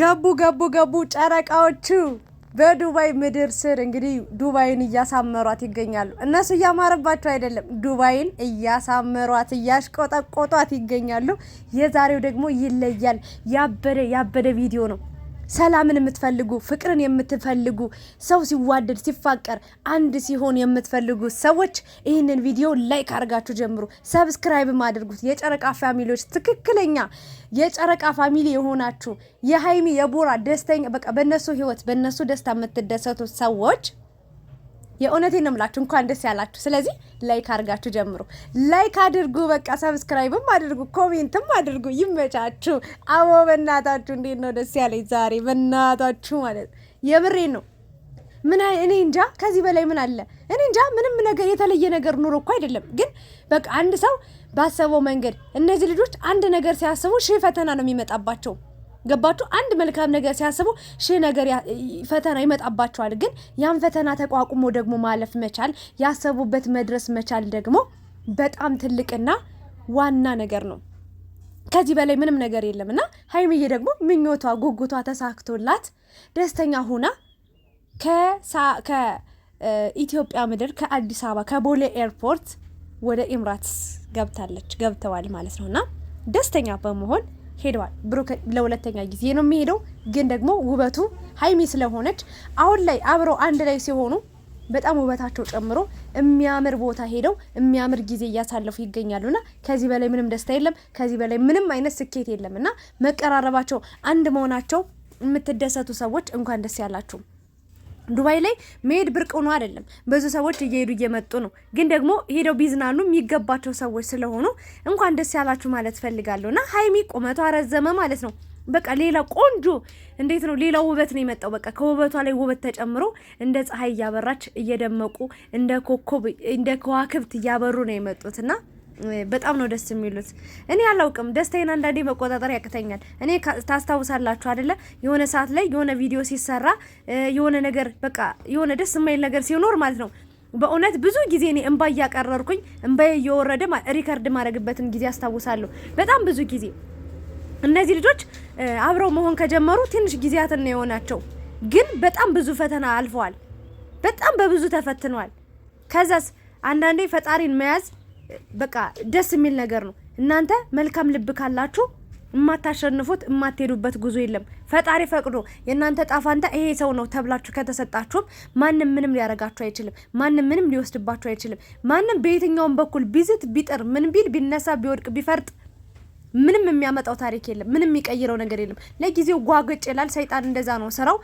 ገቡ ገቡ ገቡ ጨረቃዎቹ በዱባይ ምድር ስር እንግዲህ ዱባይን እያሳመሯት ይገኛሉ። እነሱ እያማረባቸው አይደለም፣ ዱባይን እያሳመሯት እያሽቆጠቆጧት ይገኛሉ። የዛሬው ደግሞ ይለያል። ያበደ ያበደ ቪዲዮ ነው። ሰላምን የምትፈልጉ ፍቅርን የምትፈልጉ ሰው ሲዋደድ ሲፋቀር አንድ ሲሆን የምትፈልጉ ሰዎች ይህንን ቪዲዮ ላይክ አድርጋችሁ ጀምሩ። ሰብስክራይብ አድርጉት። የጨረቃ ፋሚሊዎች ትክክለኛ የጨረቃ ፋሚሊ የሆናችሁ የሀይሚ የቦራ ደስተኛ በቃ በእነሱ ህይወት በእነሱ ደስታ የምትደሰቱ ሰዎች የእውነቴን ነው እንኳን ደስ ያላችሁ። ስለዚህ ላይክ አድርጋችሁ ጀምሩ። ላይክ አድርጉ፣ በቃ ሰብስክራይብም አድርጉ፣ ኮሜንትም አድርጉ። ይመቻችሁ። አዎ በእናታችሁ እንዴት ነው ደስ ያለኝ ዛሬ በእናታችሁ ማለት ነው። ነው። ምን እኔ እንጃ ከዚህ በላይ ምን አለ? እኔ እንጃ ምንም ነገር የተለየ ነገር ኑሮ እኮ አይደለም፣ ግን በቃ አንድ ሰው ባሰበው መንገድ እነዚህ ልጆች አንድ ነገር ሲያስቡ ሺህ ፈተና ነው የሚመጣባቸው። ገባችሁ? አንድ መልካም ነገር ሲያስቡ ሺህ ነገር ፈተና ይመጣባቸዋል። ግን ያን ፈተና ተቋቁሞ ደግሞ ማለፍ መቻል ያሰቡበት መድረስ መቻል ደግሞ በጣም ትልቅና ዋና ነገር ነው። ከዚህ በላይ ምንም ነገር የለም እና ሀይሚዬ ደግሞ ምኞቷ ጉጉቷ ተሳክቶላት ደስተኛ ሁና ከኢትዮጵያ ምድር ከአዲስ አበባ ከቦሌ ኤርፖርት ወደ ኤምራትስ ገብታለች ገብተዋል ማለት ነው እና ደስተኛ በመሆን ሄደዋል። ብሩክ ለሁለተኛ ጊዜ ነው የሚሄደው። ግን ደግሞ ውበቱ ሀይሚ ስለሆነች አሁን ላይ አብረው አንድ ላይ ሲሆኑ በጣም ውበታቸው ጨምሮ የሚያምር ቦታ ሄደው የሚያምር ጊዜ እያሳለፉ ይገኛሉና ከዚህ በላይ ምንም ደስታ የለም። ከዚህ በላይ ምንም አይነት ስኬት የለም እና መቀራረባቸው፣ አንድ መሆናቸው የምትደሰቱ ሰዎች እንኳን ደስ ያላችሁም። ዱባይ ላይ መሄድ ብርቅ ሆኖ አይደለም። ብዙ ሰዎች እየሄዱ እየመጡ ነው። ግን ደግሞ ሄደው ቢዝናኑ የሚገባቸው ሰዎች ስለሆኑ እንኳን ደስ ያላችሁ ማለት ፈልጋለሁ። እና ሀይሚ ቁመቷ ረዘመ ማለት ነው። በቃ ሌላ ቆንጆ እንዴት ነው ሌላ ውበት ነው የመጣው። በቃ ከውበቷ ላይ ውበት ተጨምሮ እንደ ፀሐይ እያበራች እየደመቁ እንደ ኮከብ እንደ ከዋክብት እያበሩ ነው የመጡትና በጣም ነው ደስ የሚሉት። እኔ አላውቅም፣ ደስታዬን አንዳንዴ መቆጣጠር ያቅተኛል። እኔ ታስታውሳላችሁ አደለ? የሆነ ሰዓት ላይ የሆነ ቪዲዮ ሲሰራ የሆነ ነገር በቃ የሆነ ደስ የማይል ነገር ሲኖር ማለት ነው። በእውነት ብዙ ጊዜ እኔ እንባ እያቀረርኩኝ እንባ እየወረደ ሪከርድ ማድረግበትን ጊዜ አስታውሳለሁ። በጣም ብዙ ጊዜ እነዚህ ልጆች አብረው መሆን ከጀመሩ ትንሽ ጊዜያትን ነው የሆናቸው፣ ግን በጣም ብዙ ፈተና አልፈዋል። በጣም በብዙ ተፈትነዋል። ከዛስ አንዳንዴ ፈጣሪን መያዝ በቃ ደስ የሚል ነገር ነው። እናንተ መልካም ልብ ካላችሁ የማታሸንፉት የማትሄዱበት ጉዞ የለም። ፈጣሪ ፈቅዶ የእናንተ ጣፋንታ ይሄ ሰው ነው ተብላችሁ ከተሰጣችሁም ማንም ምንም ሊያረጋችሁ አይችልም። ማንም ምንም ሊወስድባችሁ አይችልም። ማንም በየትኛውም በኩል ቢዝት፣ ቢጥር፣ ምን ቢል፣ ቢነሳ፣ ቢወድቅ፣ ቢፈርጥ ምንም የሚያመጣው ታሪክ የለም። ምንም የሚቀይረው ነገር የለም። ለጊዜው ጓገጭ ይላል ሰይጣን። እንደዛ ነው ስራው።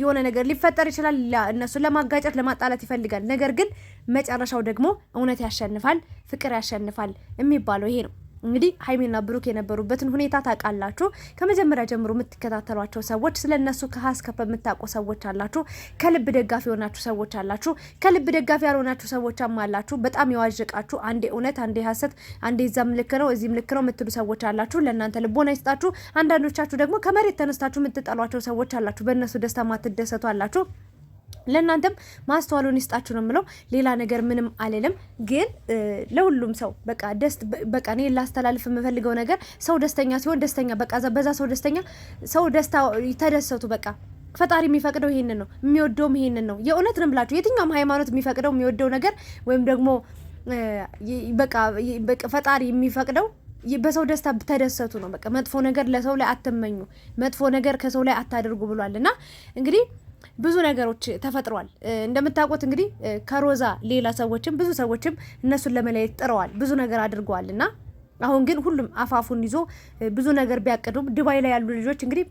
የሆነ ነገር ሊፈጠር ይችላል። እነሱን ለማጋጨት ለማጣላት ይፈልጋል። ነገር ግን መጨረሻው ደግሞ እውነት ያሸንፋል፣ ፍቅር ያሸንፋል የሚባለው ይሄ ነው። እንግዲህ ሀይሜና ብሩክ የነበሩበትን ሁኔታ ታውቃላችሁ። ከመጀመሪያ ጀምሮ የምትከታተሏቸው ሰዎች ስለ እነሱ ከሀስ ከፍ የምታውቁ ሰዎች አላችሁ። ከልብ ደጋፊ የሆናችሁ ሰዎች አላችሁ። ከልብ ደጋፊ ያልሆናችሁ ሰዎች አላችሁ። በጣም የዋዥቃችሁ አንዴ እውነት አንዴ ሀሰት አንዴ እዛ ምልክ ነው እዚህ ምልክ ነው የምትሉ ሰዎች አላችሁ። ለእናንተ ልቦና ይስጣችሁ። አንዳንዶቻችሁ ደግሞ ከመሬት ተነስታችሁ የምትጠሏቸው ሰዎች አላችሁ። በእነሱ ደስታ ማትደሰቱ አላችሁ። ለእናንተም ማስተዋሉን ይስጣችሁ ነው የምለው። ሌላ ነገር ምንም አልልም፣ ግን ለሁሉም ሰው በቃ ደስ በቃ እኔ ላስተላልፍ የምፈልገው ነገር ሰው ደስተኛ ሲሆን ደስተኛ በቃ በዛ ሰው ደስተኛ ሰው ደስታ ተደሰቱ። በቃ ፈጣሪ የሚፈቅደው ይሄንን ነው፣ የሚወደውም ይሄንን ነው። የእውነት ነው ብላችሁ የትኛውም ሃይማኖት የሚፈቅደው የሚወደው ነገር ወይም ደግሞ በቃ ፈጣሪ የሚፈቅደው በሰው ደስታ ተደሰቱ ነው። በቃ መጥፎ ነገር ለሰው ላይ አትመኙ፣ መጥፎ ነገር ከሰው ላይ አታደርጉ ብሏል እና እንግዲህ ብዙ ነገሮች ተፈጥሯል። እንደምታውቁት እንግዲህ ከሮዛ ሌላ ሰዎችም ብዙ ሰዎችም እነሱን ለመለየት ጥረዋል፣ ብዙ ነገር አድርገዋል እና አሁን ግን ሁሉም አፋፉን ይዞ ብዙ ነገር ቢያቅዱም ድባይ ላይ ያሉ ልጆች እንግዲህ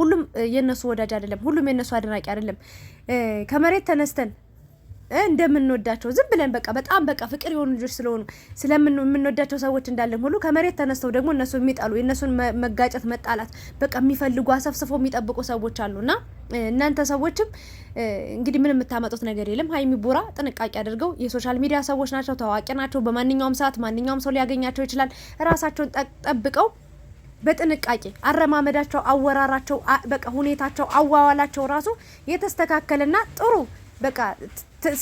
ሁሉም የእነሱ ወዳጅ አይደለም፣ ሁሉም የእነሱ አድናቂ አይደለም። ከመሬት ተነስተን እንደምንወዳቸው ዝም ብለን በቃ በጣም በቃ ፍቅር የሆኑ ልጆች ስለሆኑ ስለምንወዳቸው ሰዎች እንዳለን ሁሉ ከመሬት ተነስተው ደግሞ እነሱ የሚጣሉ የእነሱን መጋጨት መጣላት በቃ የሚፈልጉ አሰፍስፎ የሚጠብቁ ሰዎች አሉና እናንተ ሰዎችም እንግዲህ ምን የምታመጡት ነገር የለም። ሀይሚ ቡራ ጥንቃቄ አድርገው። የሶሻል ሚዲያ ሰዎች ናቸው፣ ታዋቂ ናቸው። በማንኛውም ሰዓት ማንኛውም ሰው ሊያገኛቸው ይችላል። ራሳቸውን ጠብቀው በጥንቃቄ አረማመዳቸው፣ አወራራቸው፣ በቃ ሁኔታቸው፣ አዋዋላቸው ራሱ የተስተካከለና ጥሩ በቃ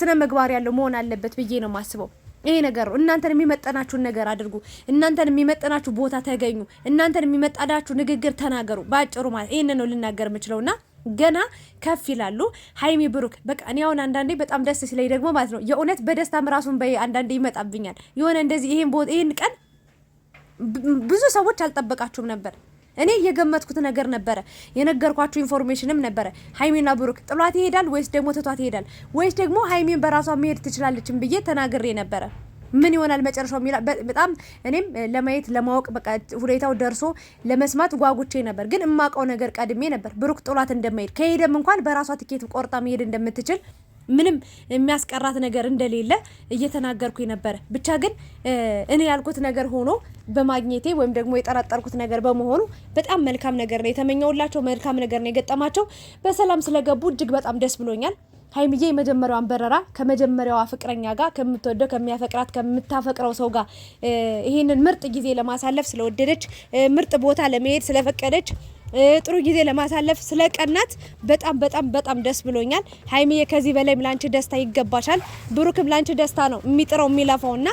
ስነ መግባር ያለው መሆን አለበት ብዬ ነው የማስበው። ይሄ ነገር ነው። እናንተን የሚመጠናችሁን ነገር አድርጉ። እናንተን የሚመጠናችሁ ቦታ ተገኙ። እናንተን የሚመጣዳችሁ ንግግር ተናገሩ። በአጭሩ ማለት ይህን ነው ልናገር የምችለውና ገና ከፍ ይላሉ። ሀይሚ ብሩክ በቃ እኔ አሁን አንዳንዴ በጣም ደስ ሲለኝ ደግሞ ማለት ነው የእውነት በደስታም ራሱን በይ አንዳንዴ ይመጣብኛል የሆነ እንደዚህ ይሄን ቀን ብዙ ሰዎች አልጠበቃችሁም ነበር እኔ የገመትኩት ነገር ነበረ፣ የነገርኳቸው ኢንፎርሜሽንም ነበረ። ሀይሚና ብሩክ ጥሏት ይሄዳል ወይስ ደግሞ ትቷት ይሄዳል ወይስ ደግሞ ሀይሚን በራሷ መሄድ ትችላለችም ብዬ ተናግሬ ነበረ። ምን ይሆናል መጨረሻው የሚላ በጣም እኔም ለማየት ለማወቅ በቃ ሁኔታው ደርሶ ለመስማት ጓጉቼ ነበር። ግን እማውቀው ነገር ቀድሜ ነበር፣ ብሩክ ጥሏት እንደማይሄድ ከሄደም እንኳን በራሷ ትኬት ቆርጣ መሄድ እንደምትችል ምንም የሚያስቀራት ነገር እንደሌለ እየተናገርኩኝ ነበረ። ብቻ ግን እኔ ያልኩት ነገር ሆኖ በማግኘቴ ወይም ደግሞ የጠረጠርኩት ነገር በመሆኑ በጣም መልካም ነገር ነው የተመኘውላቸው፣ መልካም ነገር ነው የገጠማቸው። በሰላም ስለገቡ እጅግ በጣም ደስ ብሎኛል። ሀይምዬ የመጀመሪያዋን በረራ ከመጀመሪያዋ ፍቅረኛ ጋር ከምትወደው ከሚያፈቅራት ከምታፈቅረው ሰው ጋር ይህንን ምርጥ ጊዜ ለማሳለፍ ስለወደደች ምርጥ ቦታ ለመሄድ ስለፈቀደች ጥሩ ጊዜ ለማሳለፍ ስለቀናት በጣም በጣም በጣም ደስ ብሎኛል። ሀይሚዬ ከዚህ በላይም ላንቺ ደስታ ይገባሻል። ብሩክም ላንቺ ደስታ ነው የሚጥረው የሚለፋው እና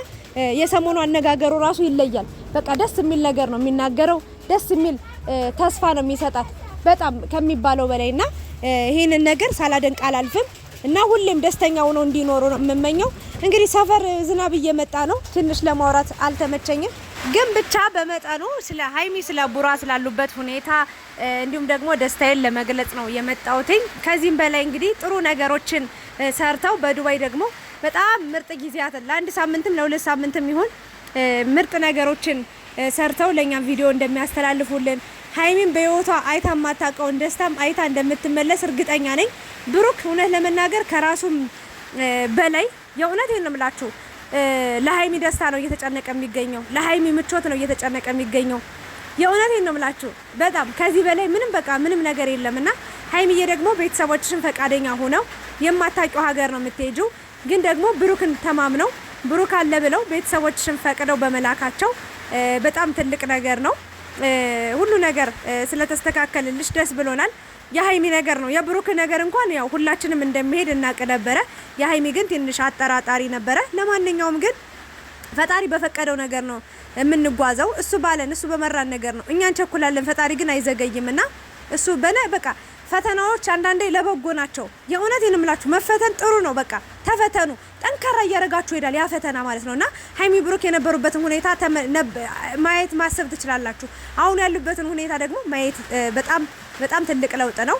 የሰሞኑ አነጋገሩ ራሱ ይለያል። በቃ ደስ የሚል ነገር ነው የሚናገረው። ደስ የሚል ተስፋ ነው የሚሰጣት በጣም ከሚባለው በላይ እና ይህንን ነገር ሳላደንቅ አላልፍም እና ሁሌም ደስተኛ ሆነው እንዲኖሩ ነው የምመኘው። እንግዲህ ሰፈር ዝናብ እየመጣ ነው። ትንሽ ለማውራት አልተመቸኝም። ግን ብቻ በመጠኑ ስለ ሀይሚ ስለ ቡራ ስላሉበት ሁኔታ እንዲሁም ደግሞ ደስታዬን ለመግለጽ ነው የመጣውትኝ። ከዚህም በላይ እንግዲህ ጥሩ ነገሮችን ሰርተው በዱባይ ደግሞ በጣም ምርጥ ጊዜያትን ለአንድ ሳምንትም ለሁለት ሳምንትም ይሁን ምርጥ ነገሮችን ሰርተው ለእኛም ቪዲዮ እንደሚያስተላልፉልን ሀይሚን በህይወቷ አይታ የማታውቀውን ደስታም አይታ እንደምትመለስ እርግጠኛ ነኝ። ብሩክ እውነት ለመናገር ከራሱም በላይ የእውነት ነው የምላችሁ ለሀይሚ ደስታ ነው እየተጨነቀ የሚገኘው። ለሀይሚ ምቾት ነው እየተጨነቀ የሚገኘው። የእውነቴን ነው የምላችሁ። በጣም ከዚህ በላይ ምንም በቃ ምንም ነገር የለም እና ሀይሚዬ ደግሞ ቤተሰቦችሽን ፈቃደኛ ሆነው የማታውቂው ሀገር ነው የምትሄጂው፣ ግን ደግሞ ብሩክን ተማምነው ብሩክ አለ ብለው ቤተሰቦችሽን ፈቅደው በመላካቸው በጣም ትልቅ ነገር ነው። ሁሉ ነገር ስለተስተካከልልሽ ደስ ብሎናል። የሀይሚ ነገር ነው። የብሩክ ነገር እንኳን ያው ሁላችንም እንደሚሄድ እናቅ ነበረ። የሀይሚ ግን ትንሽ አጠራጣሪ ነበረ። ለማንኛውም ግን ፈጣሪ በፈቀደው ነገር ነው የምንጓዘው። እሱ ባለን እሱ በመራን ነገር ነው። እኛን ቸኩላለን፣ ፈጣሪ ግን አይዘገይምና እሱ በነ በቃ ፈተናዎች አንዳንዴ ለበጎ ናቸው። የእውነት የንምላችሁ መፈተን ጥሩ ነው። በቃ ተፈተኑ፣ ጠንካራ እያደረጋችሁ ይሄዳል ያ ፈተና ማለት ነው እና ሀይሚ ብሩክ የነበሩበትን ሁኔታ ማየት ማሰብ ትችላላችሁ። አሁን ያሉበትን ሁኔታ ደግሞ ማየት በጣም በጣም ትልቅ ለውጥ ነው።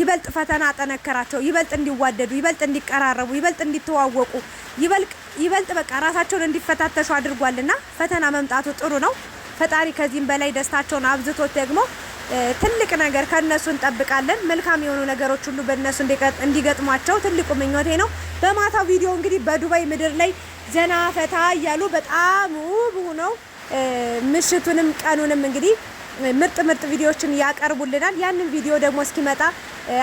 ይበልጥ ፈተና አጠነከራቸው። ይበልጥ እንዲዋደዱ፣ ይበልጥ እንዲቀራረቡ፣ ይበልጥ እንዲተዋወቁ፣ ይበልጥ በቃ ራሳቸውን እንዲፈታተሹ አድርጓልና ፈተና መምጣቱ ጥሩ ነው። ፈጣሪ ከዚህም በላይ ደስታቸውን አብዝቶት ደግሞ ትልቅ ነገር ከነሱ እንጠብቃለን። መልካም የሆኑ ነገሮች ሁሉ በእነሱ እንዲገጥሟቸው ትልቁ ምኞቴ ነው። በማታው ቪዲዮ እንግዲህ በዱባይ ምድር ላይ ዘና ፈታ እያሉ በጣም ውብ ሆነው ምሽቱንም ቀኑንም እንግዲህ ምርጥ ምርጥ ቪዲዮዎችን ያቀርቡልናል። ያንን ቪዲዮ ደግሞ እስኪመጣ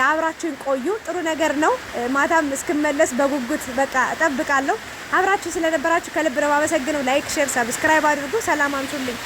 አብራችሁን ቆዩ። ጥሩ ነገር ነው። ማታም እስክመለስ በጉጉት በቃ እጠብቃለሁ። አብራችሁ ስለነበራችሁ ከልብ ነው አመሰግነው። ላይክ፣ ሼር፣ ሰብስክራይብ አድርጉ። ሰላም አምቱልኝ።